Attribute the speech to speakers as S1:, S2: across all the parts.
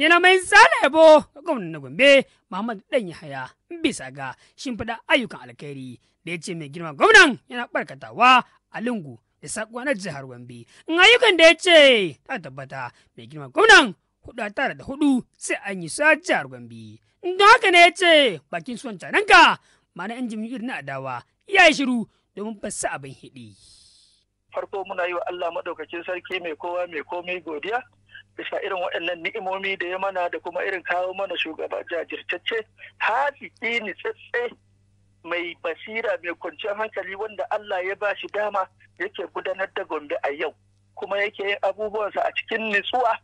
S1: yana mai zana yabo ga gwamnan na Gombe muhammadu Dan Yahaya bisa ga shimfiɗa ayyukan alkhairi da ya ce mai girma gwamnan yana barkatawa a lungu da sakuwa na jihar Gombe. In ayyukan da ya ce ta tabbata mai girma gwamnan hudu tara da hudu sai an yi sa jihar Gombe. Don haka ne ya ce bakin suwan cananka ma'ana yan jam'iyyar na adawa ya yi shiru domin sa abin hiɗi.
S2: Farko muna yi wa Allah maɗaukacin sarki mai kowa mai komai godiya bisa irin waɗannan ni'imomi da ya mana da kuma irin kawo mana shugaba jajirtacce haziki ni tsatse mai basira mai kwanciyar hankali wanda Allah ya ba shi dama yake gudanar da gombe a yau kuma yake yin abubuwansa a cikin nutsuwa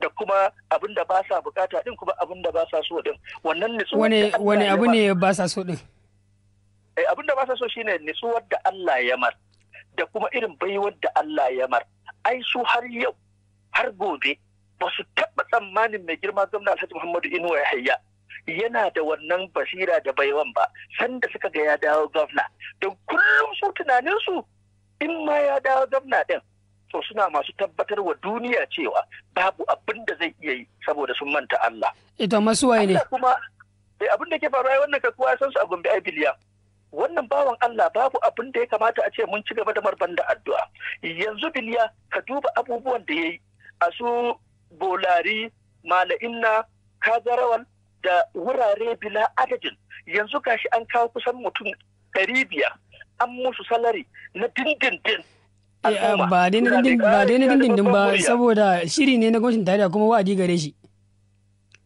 S2: da kuma abin da ba sa bukata din kuma abin da ba sa so din wannan nutsuwar da wani abu
S1: ne ba sa so din
S2: eh abin da ba sa so shine nutsuwar da Allah ya mar da kuma irin baiwar da Allah ya mar ai su har yau har gobe ba su taɓa tsammanin mai girma gwamna alhaji muhammadu inuwa yahaya yana da wannan basira da baiwan ba sanda suka ga ya dawo gwamna Da kullum su su in ma ya dawo gwamna din to suna masu tabbatar wa duniya cewa babu abin da zai iya yi saboda sun manta Allah.
S1: Ita eh, masuwaye ne.
S2: kuma eh, abin da ke faruwa wannan kakuwa san su a Gombe ai biliya. wannan bawan Allah babu abin da ya kamata a ce mun ci gaba da marban da addu'a yanzu biliya ka duba abubuwan da ya yi a su bolari mala'inna kagarawal da wurare bila adadin yanzu gashi an kawo kusan mutum ɗari biyar an musu salari na dindindin eh, ah,
S1: ba dai na dindindin ba saboda shiri ne na gwamnatin tarayya kuma wa'adi gare shi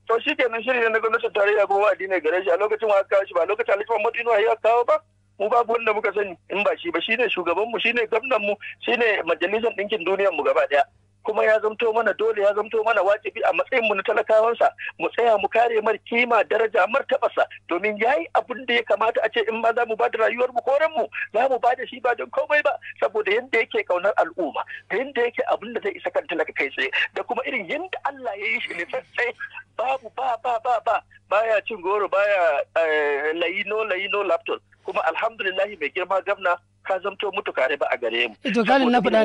S2: to shi nan shiri ne na gwamnatin tarayya kuma wa'adi ne gare shi a lokacin wa kawo shi ba lokacin wa madina Inuwa ya kawo ba mu babu wanda muka sani in ba shi ba shine shugaban mu shine gwamnan mu shine majalisar ɗinkin duniyar mu gaba ɗaya kuma ya zamto mana dole ya zamto mana wajibi a matsayin mu na talakawansa mu tsaya mu kare mar kima daraja mar taɓasa, domin yayi abun da ya kamata a ce in ma za mu bada rayuwar mu koren mu za mu bada shi ba don komai ba saboda yanda yake kaunar al'umma da yanda yake abin da zai isa kan talaka kai tsaye da kuma irin yanda Allah ya yi shi ne tsatsai babu ba ba ba ba baya cin goro baya eh, layino layino laptop kuma alhamdulillah mai girma gwamna ka zamto mutu kare ba a gare mu Ito eh, kalin na
S1: faɗa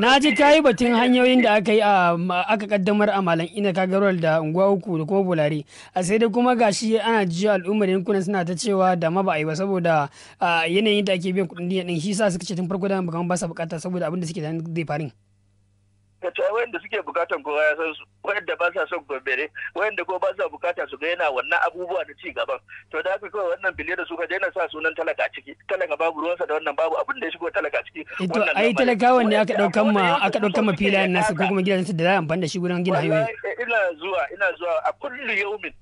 S1: naji batun hanyoyin da aka yi a aka kaddamar a malan ina ka kagarwal da unguwa uku da ko bulare a sai dai kuma gashi ana ji al'ummar yankunan suna ta cewa da ma ba a yi ba saboda yanayin da ake biyan kuɗin diya din shi sa suka ce tun farko da ba ba sa bukata saboda abin da suke da zai farin
S2: ka ce wayanda suke bukatan kowa ya san su wayanda ba sa son gombere wayanda ko ba sa bukata su ga yana wannan abubuwa da ci gaban to da haka kawai wannan bile da su ka daina sa sunan talaka ciki talaka babu ruwansa da wannan babu abin da ya shigo
S1: talaka ciki eh, to ai talakawan ne aka daukan ma aka daukan ma filayen nasu ko kuma gidan su da za amfani da shi gurin gina hanyoyi
S2: eh, ina zuwa ina zuwa a kullu yaumin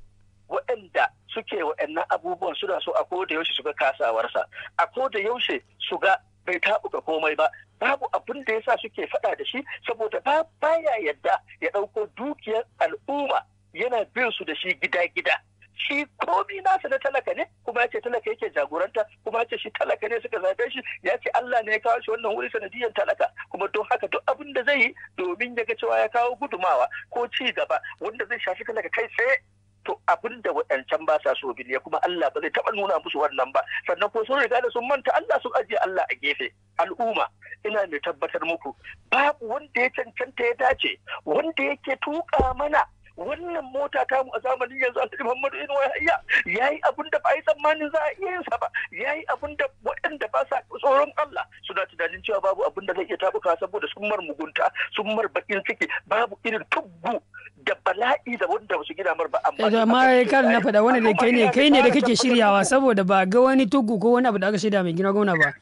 S2: wa'anda suke wa'annan abubuwan suna so a koda yaushe su ga kasawarsa a koda yaushe su ga bai taɓuka komai ba babu abin da sa suke faɗa da shi saboda ba baya yadda ya ɗauko dukiyar al'umma yana bin su da shi gida-gida shi komi nasa na talaka ne kuma ya ce talaka yake jagoranta kuma ya ce shi talaka ne suka zaɓe shi ya ce Allah ne ya kawo shi wannan wuri sanadiyar talaka kuma don haka duk abin da zai yi domin ya ga cewa ya kawo gudumawa ko ci gaba wanda zai shafi talaka kai tsaye to abin da waɗancan ba sa so biliya kuma Allah ba zai taɓa nuna musu wannan ba sannan ko sun riga da sun manta Allah sun ajiye Allah a gefe al'umma ina mai tabbatar muku babu wanda ya cancanta ya dace wanda yake tuka mana wannan mota ta mu a zamanin yanzu Alhaji Muhammadu Inu ya yayi abin da ba yi tsammanin za a iya yin sa ba yayi abin da waɗanda ba sa tsoron Allah suna tunanin cewa babu abin da zai iya tabuka saboda sun mar mugunta sun mar bakin ciki babu irin tuggu da bala'i da wanda ba su gina mar ba amma eh, da ya na faɗa wani da kai ne kai ne da kake
S1: shiryawa saboda ba ga wani tugu ko wani abu da aka shirya mai gina gona ba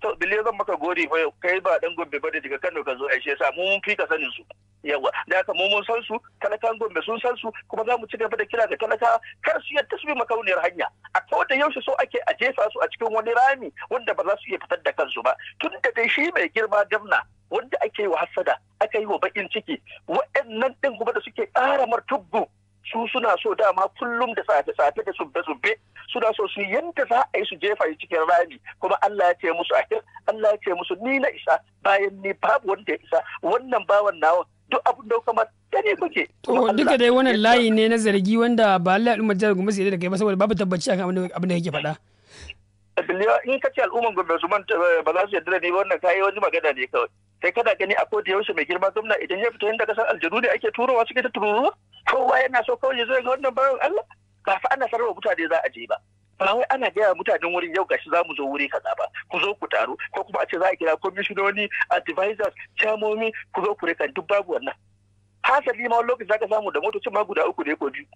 S2: to bile zan maka gori fa kai ba dan gombe ba da daga Kano ka zo ai shi yasa mu mun fika sanin su yawa da haka mu mun san su talakan gombe sun san su kuma za mu ci gaba da kira ga talaka kar su yadda su bi makauniyar hanya a ko da yaushe so ake a jefa su a cikin wani rami wanda ba za su iya fitar da kansu ba tun da dai shi mai girma gamna wanda ake yi wa hasada aka yi wa bakin ciki wa'annan din kuma da suke ƙara martubbu su suna so dama kullum da safe safe da subbe subbe suna so su yanda za a yi su jefa shi cikin rami kuma Allah ya ce musu akhir Allah ya ce musu ni na isa bayan ni babu wanda ya isa wannan bawan nawa duk abin da kuma dane ne kuke to duka dai wannan layi
S1: ne na zargi wanda ba Allah al'umma jar gumi sai da kai ba saboda babu tabbaci akan abin da yake faɗa
S2: in ka ce al'umma Gombe su ba za su yarda da ni wannan kai wani magana ne kawai kai kada gani a koda yaushe mai girma gwamna idan ya fito yadda kasar aljanu ne ake turowa suke ta tururuwa kowa yana so kawai ya zo ga wannan bayan Allah ba fa ana sarrafa mutane za a je ba ba wai ana gaya mutanen wurin yau gashi za mu zo wuri kaza ba ku zo ku taru ko kuma a ce za a kira komishinoni advisors chamomi ku zo ku rika duk babu wannan hasali ma wani lokaci zaka samu da motocin ma guda uku ne ko biyu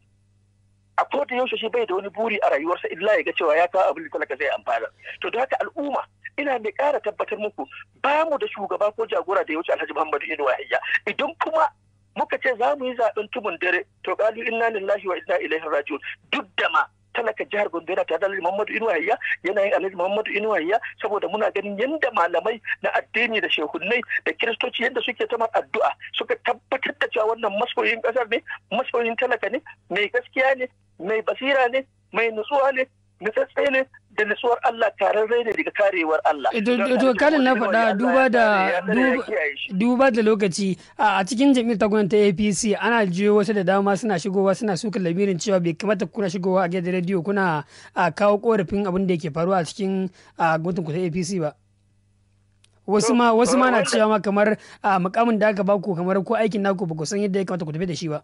S2: a koda yaushe shi bai da wani buri a rayuwarsa illa ya ga cewa ya kawo abin da talaka zai amfana to da haka al'umma ina mai ƙara tabbatar muku ba mu da shugaba ko jagora da ya wuce alhaji muhammadu inuwa wahiyya idan kuma muka ce za mu yi zaɓen tumun dare to ƙalu inna lillahi wa inna ilaihi raji'un duk da ma talaka jihar Gombe ta tare da Alhaji Muhammadu Inuwa wahiyya yana yin Alhaji Muhammadu Inuwa wahiyya saboda muna ganin yadda malamai na addini da shehunnai da kiristoci yadda suke ta addu'a suka tabbatar da cewa wannan masoyin ƙasar ne masoyin talaka ne mai gaskiya ne mai basira ne mai nutsuwa ne mutsatsai ne da nasuwar Allah taron rai ne daga karewar Allah. Eh, to kanin na faɗa
S1: duba da lokaci a cikin jami'ar ta ta APC ana jiyo wasu da dama suna shigowa suna suka lamirin cewa bai kamata kuna shigowa a gidan rediyo kuna kawo korafin abin da yake faruwa a cikin gwamnatin ku ta APC ba. Wasu ma na cewa ma kamar mukamin da aka baku kamar ko aikin naku ba ku san yadda ya kamata ku tafi da shi ba.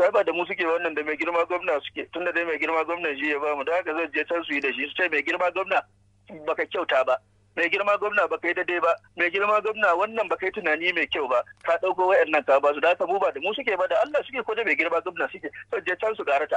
S2: to ba da mu suke wannan da mai girma gwamna suke tunda dai mai girma gwamna shi ya ba mu da haka zan je can su yi da shi su ce mai girma gwamna baka kyauta ba mai girma gwamna baka yi daidai ba mai girma gwamna wannan baka yi tunani mai kyau ba ka ɗauko wayannan ka ba su da haka mu ba da mu suke ba da Allah suke ko da mai girma gwamna suke sai je can su garata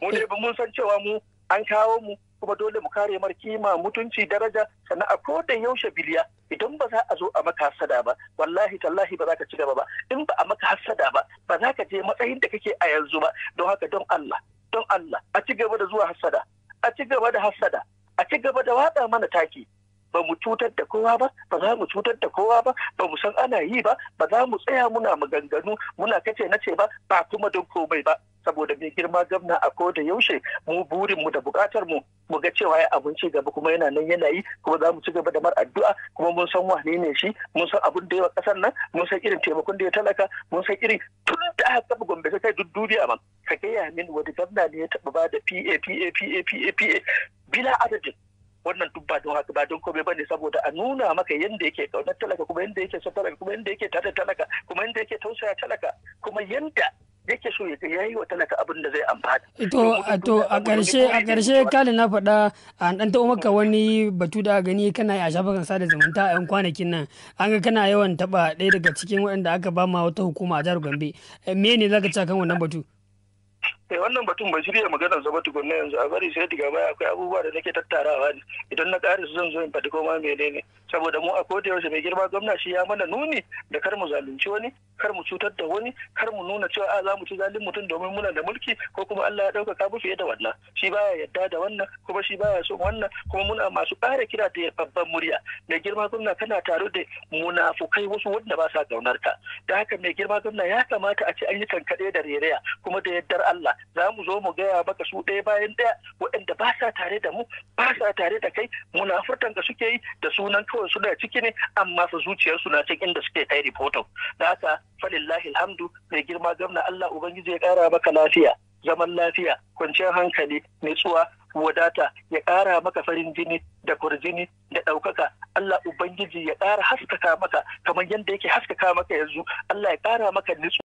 S2: mu dai mun san cewa mu an kawo mu kuma dole mu kare mar kima mutunci daraja sannan a ko da yaushe biliya idan ba za a zo a maka hasada ba wallahi tallahi ba za ka ci gaba ba in ba a maka hasada ba ba za ka je matsayin da kake a yanzu ba don haka don Allah don Allah a ci gaba da zuwa hasada a ci gaba da hasada a ci gaba da wada mana taki ba mu cutar da kowa ba ba za mu cutar da kowa ba ba mu san ana yi ba ba za mu tsaya muna maganganu muna kace nace ba ba kuma don komai ba saboda mai girma gamna a ko da yaushe mu burin mu da bukatar mu mu ga cewa ya abinci gaba kuma yana nan yana yi kuma za mu ci gaba da mar addu'a kuma mun san wane ne shi mun san abin da yawa kasar nan mun san irin taimakon da ya talaka mun san irin tun da aka saba gombe kai duk duniya ma ka gaya min wani gamna ne ya taba ba da pa pa pa pa pa bila adadin wannan duk don haka ba don ba ne saboda a nuna maka yadda yake kaunar talaka kuma yadda yake son talaka kuma yadda yake tare talaka kuma yadda yake tausaya talaka kuma yadda yake so ya ya wa talaka abin da zai amfana. To a ƙarshe a ƙarshe kali
S1: na faɗa an ɗan taɓa maka wani batu da gani kana a shafukan sada zumunta a yan kwanakin nan an ga kana yawan taɓa ɗaya daga cikin waɗanda aka ba ma wata hukuma a jihar Gombe eh, me ne za ka ci kan wannan batu?
S2: eh wannan batun ban shirya maganar zaba tukunna yanzu a bari sai daga baya akwai abubuwa da nake tattarawa ne idan na ƙare su zan zo in faɗi ko ma menene saboda mu a koda yaushe mai girma gwamna shi ya mana nuni da kar mu zalunci wani kar mu cutar da wani kar mu nuna cewa a za mu ci zalin mutum domin muna da mulki ko kuma Allah ya ka bu fiye da wannan shi baya yadda da wannan kuma shi baya son wannan kuma muna masu ƙara kira da babban murya mai girma gwamna kana taru da munafukai wasu wanda ba sa ƙaunar ka da haka mai girma gwamna ya kamata a ci an yi da rereya kuma da yaddar Allah za mu zo mu gaya maka su ɗaya bayan ɗaya waɗanda ba sa tare da mu ba sa tare da kai munafurtan ka suke yi da sunan kawai suna ciki ne amma fa zuciyarsu na cikin inda suke kai rahoton da haka falillahi alhamdu mai girma gwamna Allah ubangiji ya kara maka lafiya zaman lafiya kwanciyar hankali nutsuwa wadata ya kara maka farin jini da kurjini da ɗaukaka Allah Ubangiji ya ƙara haskaka maka kamar yadda yake haskaka maka yanzu Allah ya ƙara maka nutsuwa